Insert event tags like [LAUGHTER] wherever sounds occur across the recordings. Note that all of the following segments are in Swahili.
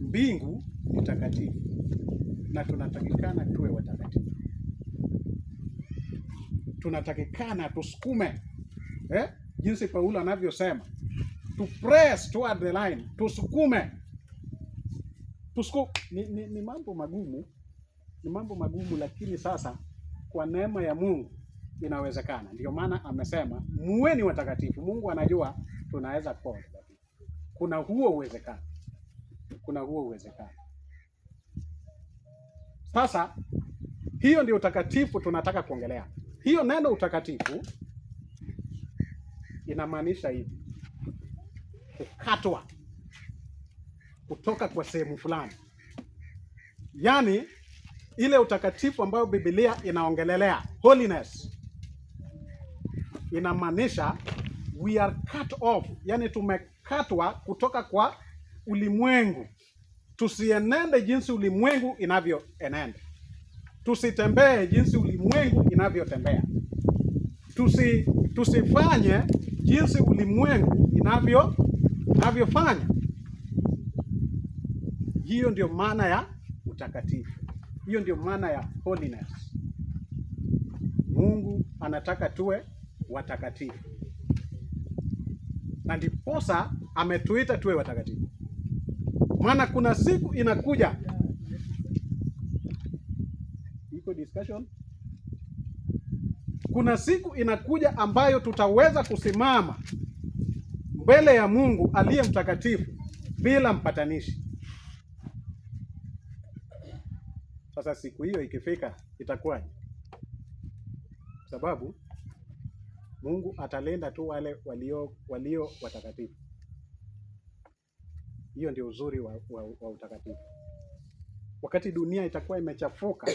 Mbingu ni takatifu na tunatakikana tuwe watakatifu, tunatakikana tusukume eh? Jinsi Paulo anavyosema to press toward the line, tusukume tusukume. Ni, ni, ni mambo magumu, ni mambo magumu, lakini sasa kwa neema ya Mungu inawezekana. Ndio maana amesema muweni watakatifu. Mungu anajua tunaweza kuwa watakatifu, kuna huo uwezekano kuna huo uwezekano. Sasa hiyo ndio utakatifu tunataka kuongelea. Hiyo neno utakatifu inamaanisha hivi: kukatwa kutoka kwa sehemu fulani, yaani ile utakatifu ambayo Biblia inaongelelea holiness, inamaanisha we are cut off, yaani tumekatwa kutoka kwa ulimwengu, tusienende jinsi ulimwengu inavyoenenda, tusitembee jinsi ulimwengu inavyotembea, tusi tusifanye jinsi ulimwengu inavyo inavyofanya. Hiyo ndio maana ya utakatifu, hiyo ndio maana ya holiness. Mungu anataka tuwe watakatifu na ndiposa ametuita tuwe watakatifu maana kuna siku inakuja iko discussion, kuna siku inakuja ambayo tutaweza kusimama mbele ya Mungu aliye mtakatifu bila mpatanishi. Sasa siku hiyo ikifika itakuwaje? Sababu Mungu atalenda tu wale walio walio watakatifu. Hiyo ndio uzuri wa, wa, wa utakatifu. Wakati dunia itakuwa imechafuka,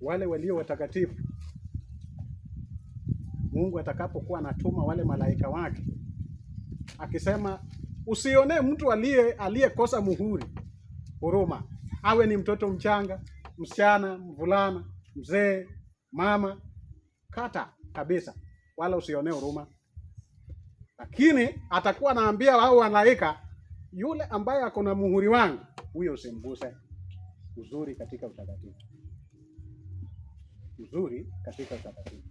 wale walio watakatifu, Mungu atakapokuwa anatuma wale malaika wake akisema, usionee mtu aliye aliyekosa muhuri huruma, awe ni mtoto mchanga, msichana, mvulana, mzee, mama, kata kabisa, wala usionee huruma lakini atakuwa anaambia wao malaika, yule ambaye ako na muhuri wangu huyo usimguse. Uzuri katika utakatifu, uzuri katika utakatifu.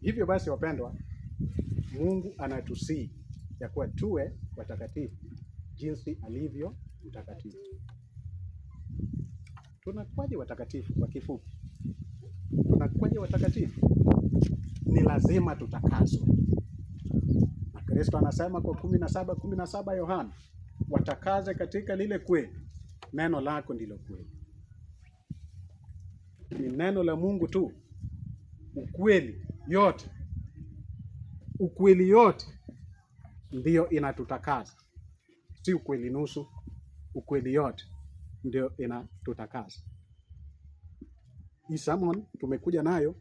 Hivyo basi, wapendwa, Mungu anatusii ya kuwa tuwe watakatifu jinsi alivyo mtakatifu. Tunakuwaje watakatifu? Kwa kifupi, tunakuwaje watakatifu? ni lazima tutakaswe. Na Kristo anasema kwa kumi na saba kumi na saba Yohana, watakaze katika lile kweli, neno lako ndilo kweli. Ni neno la Mungu tu, ukweli yote, ukweli yote ndiyo inatutakaza, si ukweli nusu. Ukweli yote ndio inatutakaza. Hii sermon tumekuja nayo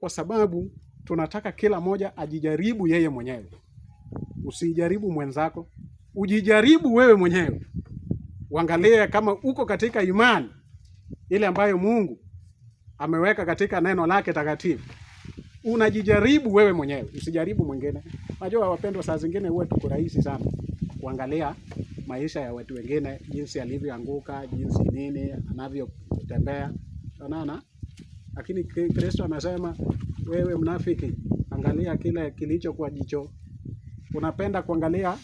kwa sababu tunataka kila moja ajijaribu yeye mwenyewe. Usijaribu mwenzako, ujijaribu wewe mwenyewe, uangalie kama uko katika imani ile ambayo Mungu ameweka katika neno lake takatifu. Unajijaribu wewe mwenyewe, usijaribu mwingine. Najua wapendwa, saa zingine huwa tuko rahisi sana kuangalia maisha ya watu wengine, jinsi alivyoanguka, jinsi nini anavyotembea, unaona lakini Kristo anasema wewe mnafiki, angalia kile kilicho kwa jicho. Unapenda kuangalia,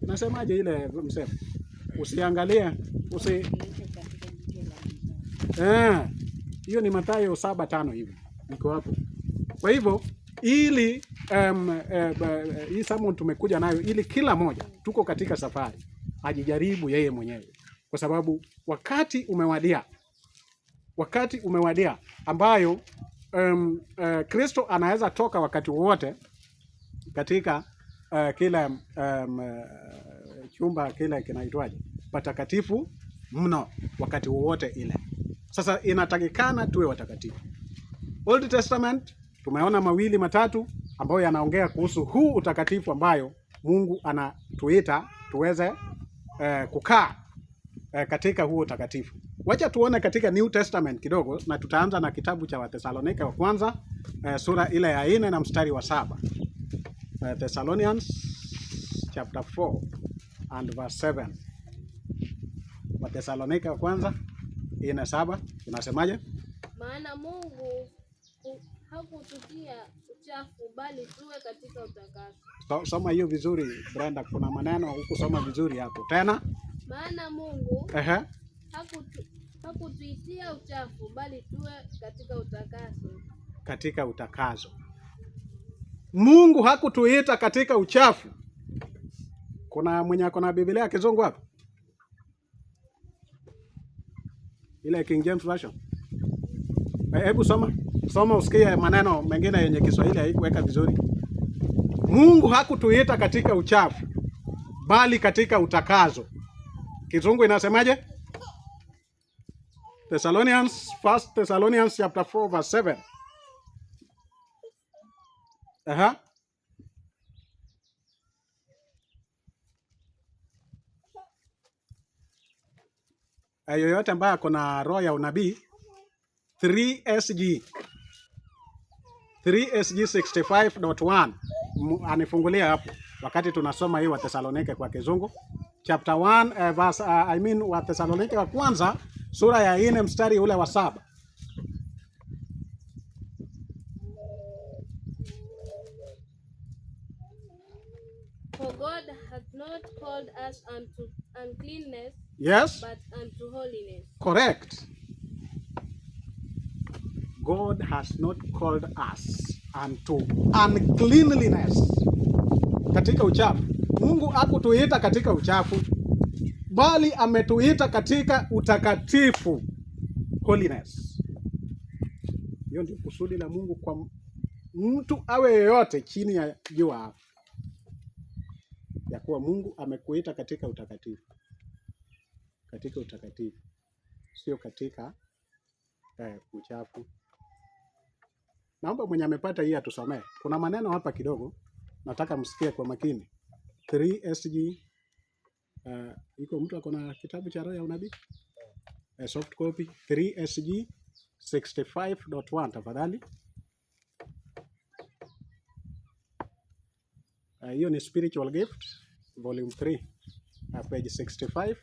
nasemaje ile msemo, usiangalie usi eh, hiyo ni Mathayo saba tano hivi niko hapo. Kwa hivyo ili um, hii e, somo tumekuja nayo ili kila moja tuko katika safari ajijaribu yeye mwenyewe, kwa sababu wakati umewadia wakati umewadia ambayo um, uh, Kristo anaweza toka wakati wowote katika uh, kila um, uh, chumba kile kinaitwaje patakatifu mno, wakati wowote ile. Sasa inatakikana tuwe watakatifu. Old Testament tumeona mawili matatu ambayo yanaongea kuhusu huu utakatifu ambayo Mungu anatuita tuweze uh, kukaa uh, katika huo utakatifu. Wacha tuone katika New Testament kidogo, na tutaanza na kitabu cha Wathesalonika wa kwanza eh, sura ile ya nne na mstari wa saba eh, Thessalonians chapter 4 and verse 7. Wathesalonika wa kwanza nne saba tunasemaje? Maana Mungu hakutukia uchafu bali tuwe katika utakaso. So, soma hiyo vizuri Brenda, kuna maneno soma vizuri hapo tena. Maana Mungu uh -huh hakutuitia uchafu, bali tuwe katika utakaso. Katika utakaso, Mungu hakutuita katika uchafu. Kuna mwenye ako na Biblia ya kizungu hapa, ile King James Version? Eh, hebu soma soma, usikie maneno mengine yenye Kiswahili haikuweka vizuri. Mungu hakutuita katika uchafu, bali katika utakazo. Kizungu inasemaje? Thessalonians, First Thessalonians chapter 4 verse 7. Uh-huh. Eh, yoyote ambaye ako na roho ya unabii 3SG 3SG 65.1 anifungulia hapo wakati tunasoma hii wa Thessalonike kwa Kizungu chapter 1 uh, eh, verse, uh, I mean wa Thessalonike wa kwanza sura ya nne mstari ule wa saba. For God hath not called us unto uncleanness, yes, but unto holiness. Correct. God has not called us unto uncleanliness. Katika uchafu. Mungu hakutuita katika uchafu bali ametuita katika utakatifu holiness. Hiyo ndio kusudi la Mungu kwa mtu awe yeyote chini ya jua, ya kuwa Mungu amekuita katika utakatifu, katika utakatifu, sio katika eh, uchafu. Naomba mwenye amepata hii atusomee. Kuna maneno hapa kidogo nataka msikie kwa makini 3SG uh, iko mtu akona kitabu cha roho ya unabii eh, soft copy 3SG 65.1 tafadhali. Eh, hiyo uh, ni spiritual gift volume 3 uh, page 65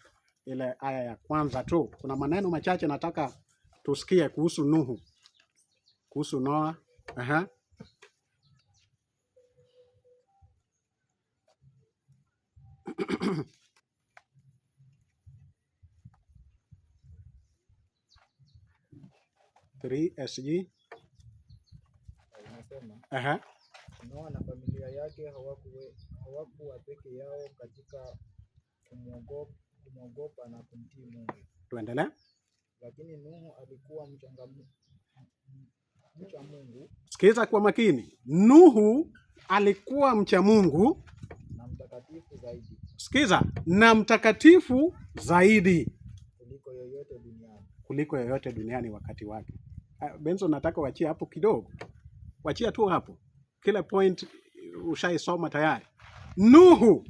ile aya ya kwanza tu. Kuna maneno machache nataka tusikie kuhusu Nuhu, kuhusu Noa. Aha. [CLEARS THROAT] 3SG. aha, Noa na familia yake hawakuwe hawakuwa peke yao katika kumwogopa na kumtii Mungu. Tuendelea. Lakini Nuhu alikuwa mchangamfu mcha Mungu. Sikiliza kwa makini. Nuhu alikuwa mcha Mungu na mtakatifu zaidi. Sikiza, na mtakatifu zaidi kuliko yoyote duniani, kuliko yoyote duniani wakati wake. Ah, Benzo, nataka wachia hapo kidogo, wachia tu hapo, kila point ushaisoma tayari. Nuhu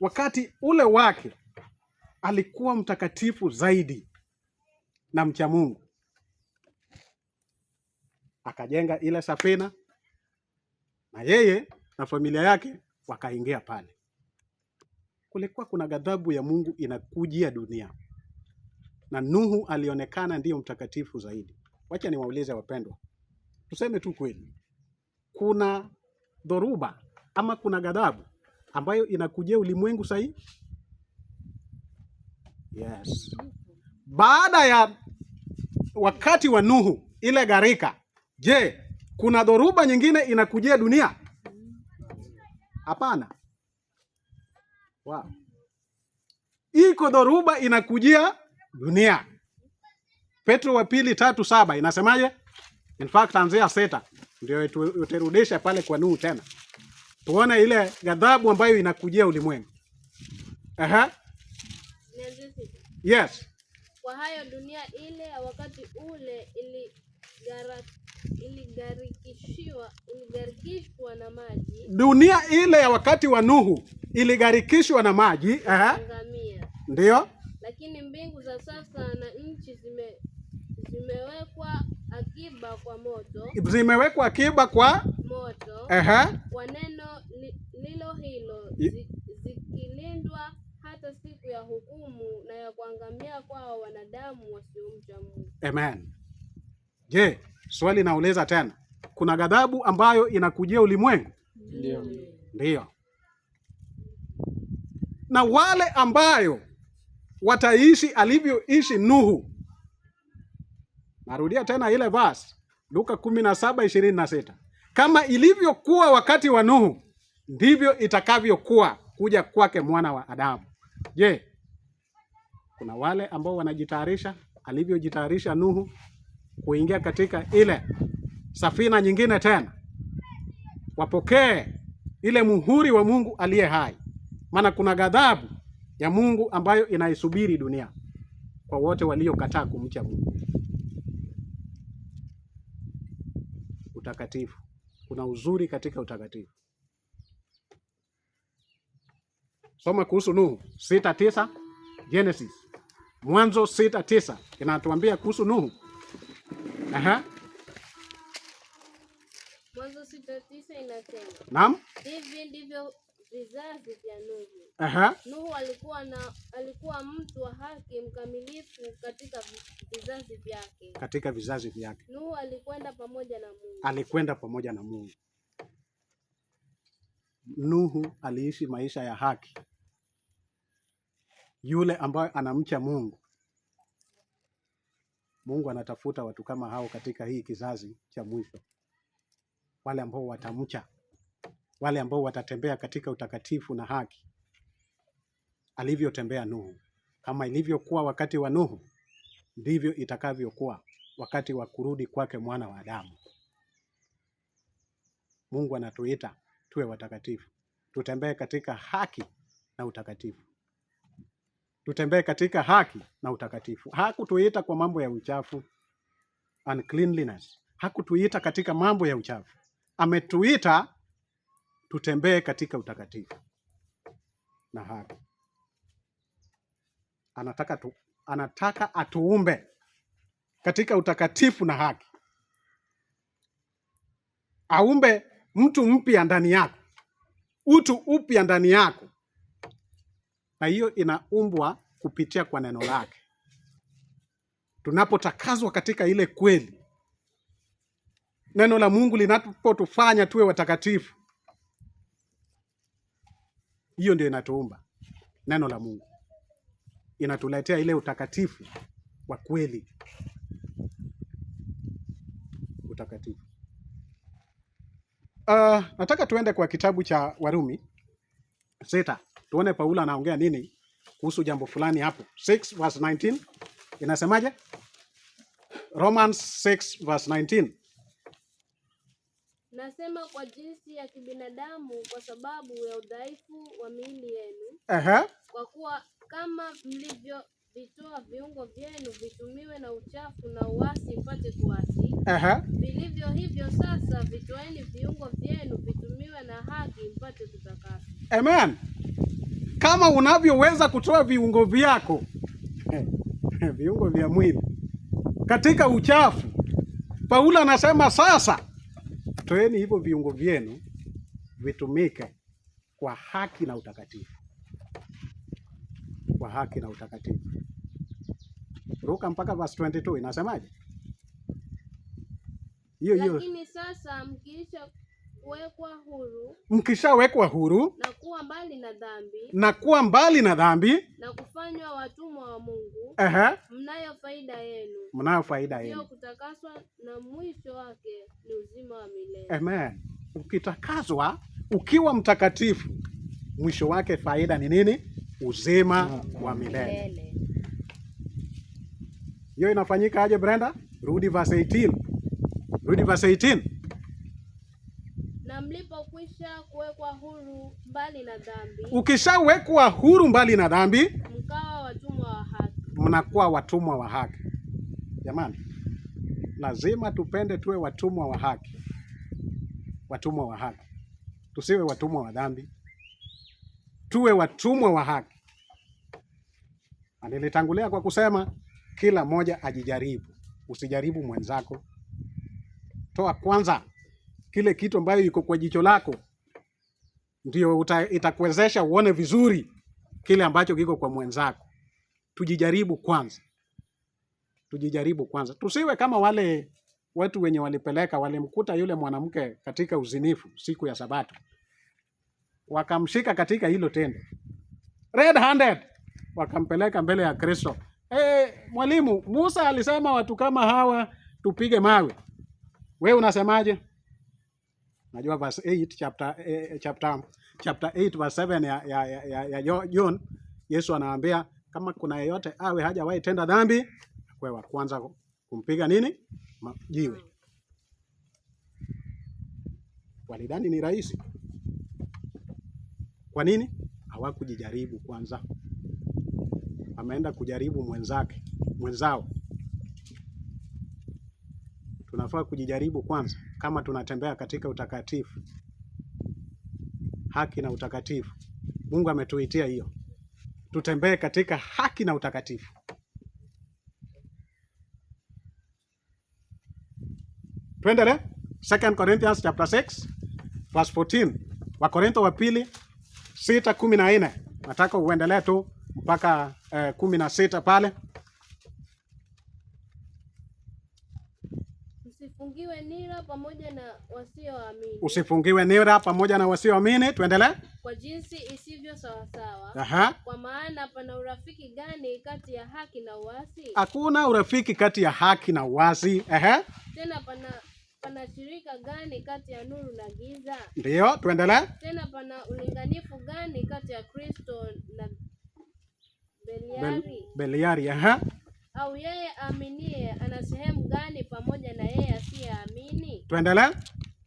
wakati ule wake alikuwa mtakatifu zaidi na mcha Mungu, akajenga ile safina na yeye na familia yake wakaingia pale. Kulikuwa kuna ghadhabu ya Mungu inakujia dunia, na Nuhu alionekana ndiyo mtakatifu zaidi wacha niwaulize wapendwa, tuseme tu kweli, kuna dhoruba ama kuna ghadhabu ambayo inakujia ulimwengu sahii. Yes, baada ya wakati wa Nuhu ile gharika, je, kuna dhoruba nyingine inakujia dunia? Hapana. Wow. Iko dhoruba inakujia dunia Petro wa pili tatu saba inasemaje? In fact anzia sita ndio utarudisha pale kwa nuu tena tuone ile ghadhabu ambayo inakujia ulimwengu. Aha. Yes. Kwa hayo dunia ile wakati ule ili iligarikishwa na maji. Dunia ile ya wakati wa Nuhu iligarikishwa na maji. Aha. Ndio. Lakini mbingu za sasa na zimewekwa akiba kwa moto, zimewekwa akiba kwa moto. Aha. Kwa neno lilo hilo zikilindwa hata siku ya hukumu na ya kuangamia kwao wanadamu wasiomcha Mungu. Amen. Je, swali nauliza tena, kuna ghadhabu ambayo inakujia ulimwengu? Ndiyo. Ndio. Na wale ambayo wataishi alivyoishi Nuhu Narudia tena ile verse Luka 17:26. Kama ilivyokuwa wakati wa Nuhu, ndivyo itakavyokuwa kuja kwake mwana wa Adamu. Je, kuna wale ambao wanajitayarisha alivyojitayarisha Nuhu kuingia katika ile safina nyingine tena, wapokee ile muhuri wa Mungu aliye hai, maana kuna ghadhabu ya Mungu ambayo inaisubiri dunia kwa wote waliokataa kumcha Mungu. utakatifu, kuna uzuri katika utakatifu. Soma kuhusu Nuhu sita tisa Genesis, Mwanzo sita tisa inatuambia kuhusu Nuhu. Aha. Mwanzo sita tisa inasema naam, hivi ndivyo vizazi vya Nuhu. Aha. Nuhu alikuwa na alikuwa mtu wa haki mkamilifu katika vizazi vyake. Katika vizazi vyake. Nuhu alikwenda pamoja na Mungu. Alikwenda pamoja na Mungu. Nuhu aliishi maisha ya haki, yule ambaye anamcha Mungu. Mungu anatafuta watu kama hao katika hii kizazi cha mwisho, wale ambao watamcha wale ambao watatembea katika utakatifu na haki alivyotembea Nuhu. Kama ilivyokuwa wakati wa Nuhu, ndivyo itakavyokuwa wakati wa kurudi kwake mwana wa Adamu. Mungu anatuita tuwe watakatifu, tutembee katika haki na utakatifu, tutembee katika haki na utakatifu. Hakutuita kwa mambo ya uchafu uncleanliness, hakutuita katika mambo ya uchafu, ametuita tutembee katika utakatifu na haki. Anataka tu, anataka atuumbe katika utakatifu na haki, aumbe mtu mpya ndani yako, utu upya ndani yako, na hiyo inaumbwa kupitia kwa neno lake. Tunapotakazwa katika ile kweli, neno la Mungu linapotufanya tuwe watakatifu hiyo ndio inatuumba neno la Mungu, inatuletea ile utakatifu wa kweli, utakatifu. Uh, nataka tuende kwa kitabu cha Warumi sita tuone Paulo anaongea nini kuhusu jambo fulani hapo. 6 verse 19 inasemaje? Romans 6 verse 19 Nasema kwa jinsi ya kibinadamu kwa sababu ya udhaifu wa miili yenu. Aha. Kwa kuwa kama mlivyo vitoa viungo vyenu vitumiwe na uchafu na uasi mpate kuasi. Aha. Vilivyo hivyo sasa vitoeni viungo vyenu vitumiwe na haki mpate kutakaswa. Amen. Kama unavyoweza kutoa viungo vyako [LAUGHS] viungo vya mwili katika uchafu, Paulo anasema sasa Toeni hivyo viungo vyenu vitumike kwa haki na utakatifu, kwa haki na utakatifu. Ruka mpaka verse 22 inasemaje? hiyo hiyo. Lakini sasa mkiisha mkishawekwa huru na kuwa mbali na dhambi, na kuwa mbali na dhambi na kufanywa watumwa wa Mungu, ehe, mnayo faida yenu, mnayo faida yenu kutakaswa, na mwisho wake ni uzima wa milele. Amen. Ukitakaswa, ukiwa mtakatifu, mwisho wake faida ni nini? Uzima wa milele. Hiyo inafanyika aje, Brenda? Rudi verse 18. Rudi verse 18 huru mbali na dhambi. Ukishawekwa huru mbali na dhambi, mnakuwa watumwa wa haki. Jamani, lazima tupende tuwe watumwa wa haki, watumwa wa haki, tusiwe watumwa wa dhambi, tuwe watumwa wa haki. Na nilitangulia kwa kusema kila mmoja ajijaribu, usijaribu mwenzako, toa kwanza kile kitu ambayo iko kwa jicho lako ndio itakuwezesha uone vizuri kile ambacho kiko kwa mwenzako. Tujijaribu kwanza, tujijaribu kwanza, tusiwe kama wale watu wenye walipeleka, walimkuta yule mwanamke katika uzinifu siku ya Sabato, wakamshika katika hilo tendo red handed, wakampeleka mbele ya Kristo. Hey, eh, mwalimu, Musa alisema watu kama hawa tupige mawe, we unasemaje? Najua verse 8 chapter eh, eh chapter um, chapter 8 verse 7 ya ya, ya, ya ya John Yesu anaambia kama kuna yeyote awe hajawahi tenda dhambi, kwa wa kwanza kumpiga nini jiwe. Mm. Walidhani ni rahisi. Kwa nini hawakujijaribu kwanza? Ameenda kujaribu mwenzake, mwenzao. Tunafaa kujijaribu kwanza kama tunatembea katika utakatifu, haki na utakatifu. Mungu ametuitia hiyo, tutembee katika haki na utakatifu. Tuendele 2 Corinthians chapter 6 verse 14, Wakorintho wa pili 6:14. Nataka uendelee tu mpaka eh, kumi na sita pale. wasioamini. Usifungiwe nira pamoja na wasioamini. Tuendelee. Kwa jinsi isivyo sawasawa. Aha. Kwa maana pana urafiki gani kati ya haki na uasi? Hakuna urafiki kati ya haki na uasi. Ehe. Tena pana pana shirika gani kati ya nuru na giza? Ndiyo, tuendelee. Tena pana ulinganifu gani kati ya Kristo na Beliari? Bel, Beliari, aha. Au yeye aaminie ana sehemu gani pamoja na yeye asiyeamini? Tuendelee.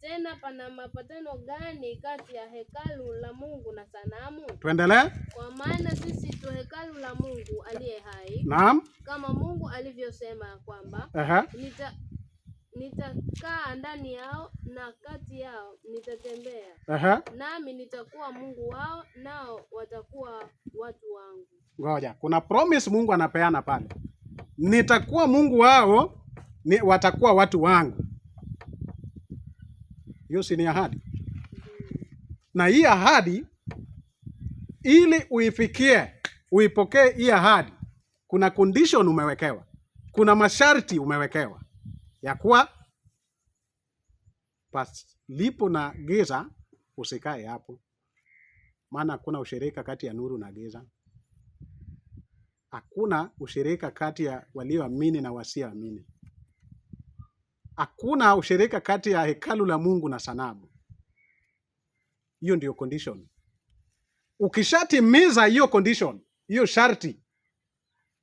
Tena pana mapatano gani kati ya hekalu la Mungu na sanamu? Tuendelee. Kwa maana sisi tu hekalu la Mungu aliye hai. Naam. Kama Mungu alivyosema kwamba uh -huh. nita nitakaa ndani yao na kati yao nitatembea. uh -huh. Nami nitakuwa Mungu wao nao watakuwa watu wangu. Ngoja, kuna promise Mungu anapeana pale, nitakuwa Mungu wao ni watakuwa watu wangu hiyo si ni ahadi? Na hii ahadi, ili uifikie, uipokee hii ahadi, kuna condition umewekewa, kuna masharti umewekewa ya kuwa paslipo na giza usikae hapo, maana hakuna ushirika kati ya nuru na giza. Hakuna ushirika kati ya walioamini na wasioamini hakuna ushirika kati ya hekalu la Mungu na sanamu. Hiyo ndiyo condition. Ukishatimiza hiyo condition, hiyo sharti,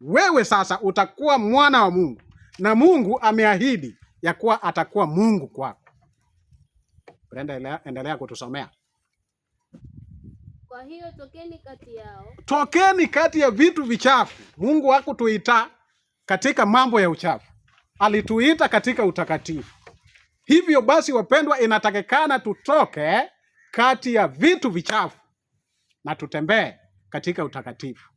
wewe sasa utakuwa mwana wa Mungu, na Mungu ameahidi ya kuwa atakuwa Mungu kwako. Brenda, endelea kutusomea. Kwa hiyo tokeni kati yao, tokeni kati ya vitu vichafu. Mungu hakutuita katika mambo ya uchafu alituita katika utakatifu. Hivyo basi, wapendwa, inatakikana tutoke kati ya vitu vichafu na tutembee katika utakatifu.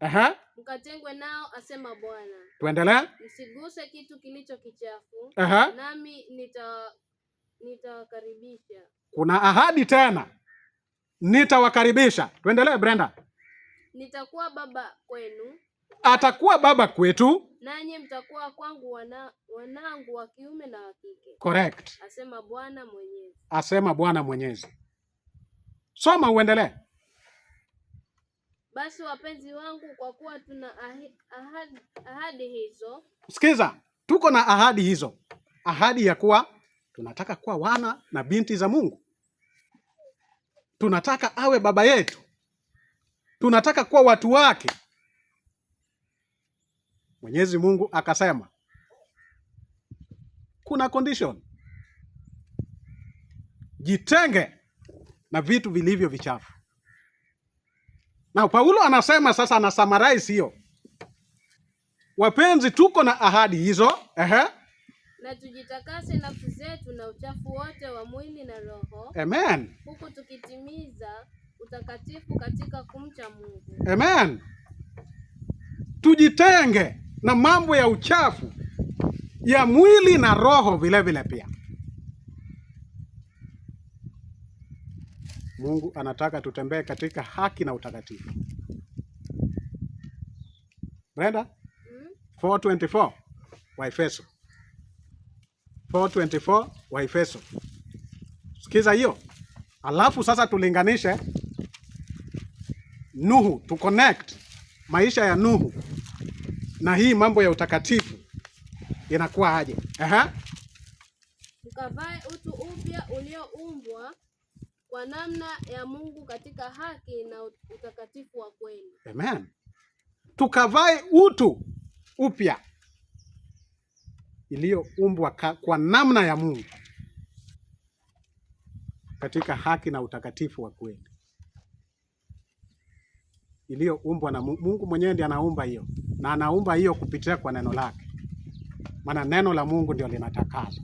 Aha. Mkatengwe nao, asema Bwana. Tuendelee. Msiguse kitu kilicho kichafu. Aha. Nami nita nitawakaribisha. Kuna ahadi tena, nitawakaribisha. Tuendelee Brenda. Nitakuwa baba kwenu atakuwa baba kwetu, nanyi mtakuwa kwangu wana, wanangu wa kiume na wa kike. Correct. Asema Bwana Mwenyezi. Asema Bwana Mwenyezi. Soma uendelee. Basi wapenzi wangu, kwa kuwa tuna ahadi, ahadi, ahadi hizo. Sikiza, tuko na ahadi hizo, ahadi ya kuwa tunataka kuwa wana na binti za Mungu, tunataka awe baba yetu, tunataka kuwa watu wake. Mwenyezi Mungu akasema kuna condition, jitenge na vitu vilivyo vichafu. Na Paulo anasema sasa, ana summarize hiyo, wapenzi, tuko na ahadi hizo ehe, na tujitakase nafsi zetu na uchafu wote wa mwili na roho. Amen. Huku tukitimiza utakatifu katika kumcha Mungu. Amen. Tujitenge na mambo ya uchafu ya mwili na roho vilevile vile pia. Mungu anataka tutembee katika haki na utakatifu. Brenda, 424 Waefeso, 424 Waefeso. Sikiza hiyo, alafu sasa tulinganishe Nuhu, connect maisha ya Nuhu na hii mambo ya utakatifu inakuwa aje? Aha. Tukavae utu upya ulioumbwa kwa namna ya Mungu katika haki na utakatifu wa kweli. Amen. Tukavae utu upya iliyoumbwa kwa namna ya Mungu katika haki na utakatifu wa kweli iliyoumbwa na Mungu. Mungu mwenyewe ndiye anaumba hiyo na anaumba hiyo kupitia kwa neno lake, maana neno la Mungu ndio linatakaza.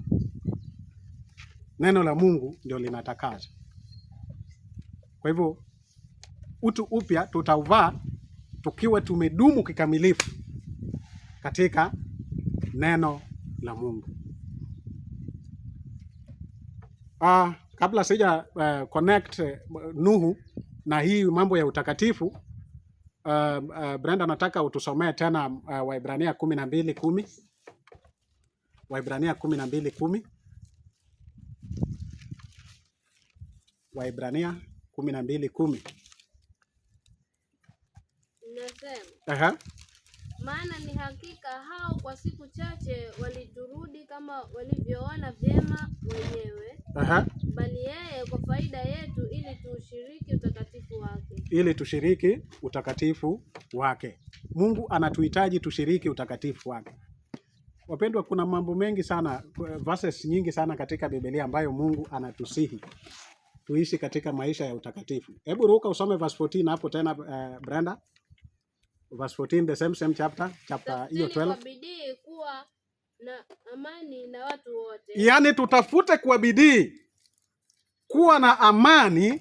Neno la Mungu ndio linatakaza. Kwa hivyo utu upya tutauvaa tukiwa tumedumu kikamilifu katika neno la Mungu. Ah, kabla sija uh, connect uh, Nuhu na hii mambo ya utakatifu uh, uh, Brenda nataka utusomee tena uh, Waibrania kumi na mbili kumi Waibrania kumi na mbili kumi Waibrania kumi na mbili kumi Nasema, maana ni hakika hao kwa siku chache waliturudi kama walivyoona vyema wenyewe. Aha bali yeye kwa faida yetu, ili tushiriki utakatifu wake, ili tushiriki utakatifu wake. Mungu anatuhitaji tushiriki utakatifu wake. Wapendwa, kuna mambo mengi sana, verses nyingi sana katika Biblia ambayo Mungu anatusihi tuishi katika maisha ya utakatifu. Hebu ruka usome verse 14 hapo tena, uh, Brenda. Verse 14, the same same chapter, chapter hiyo 12. Kwa bidii kuwa na amani na watu wote. Yaani tutafute kwa bidii kuwa na amani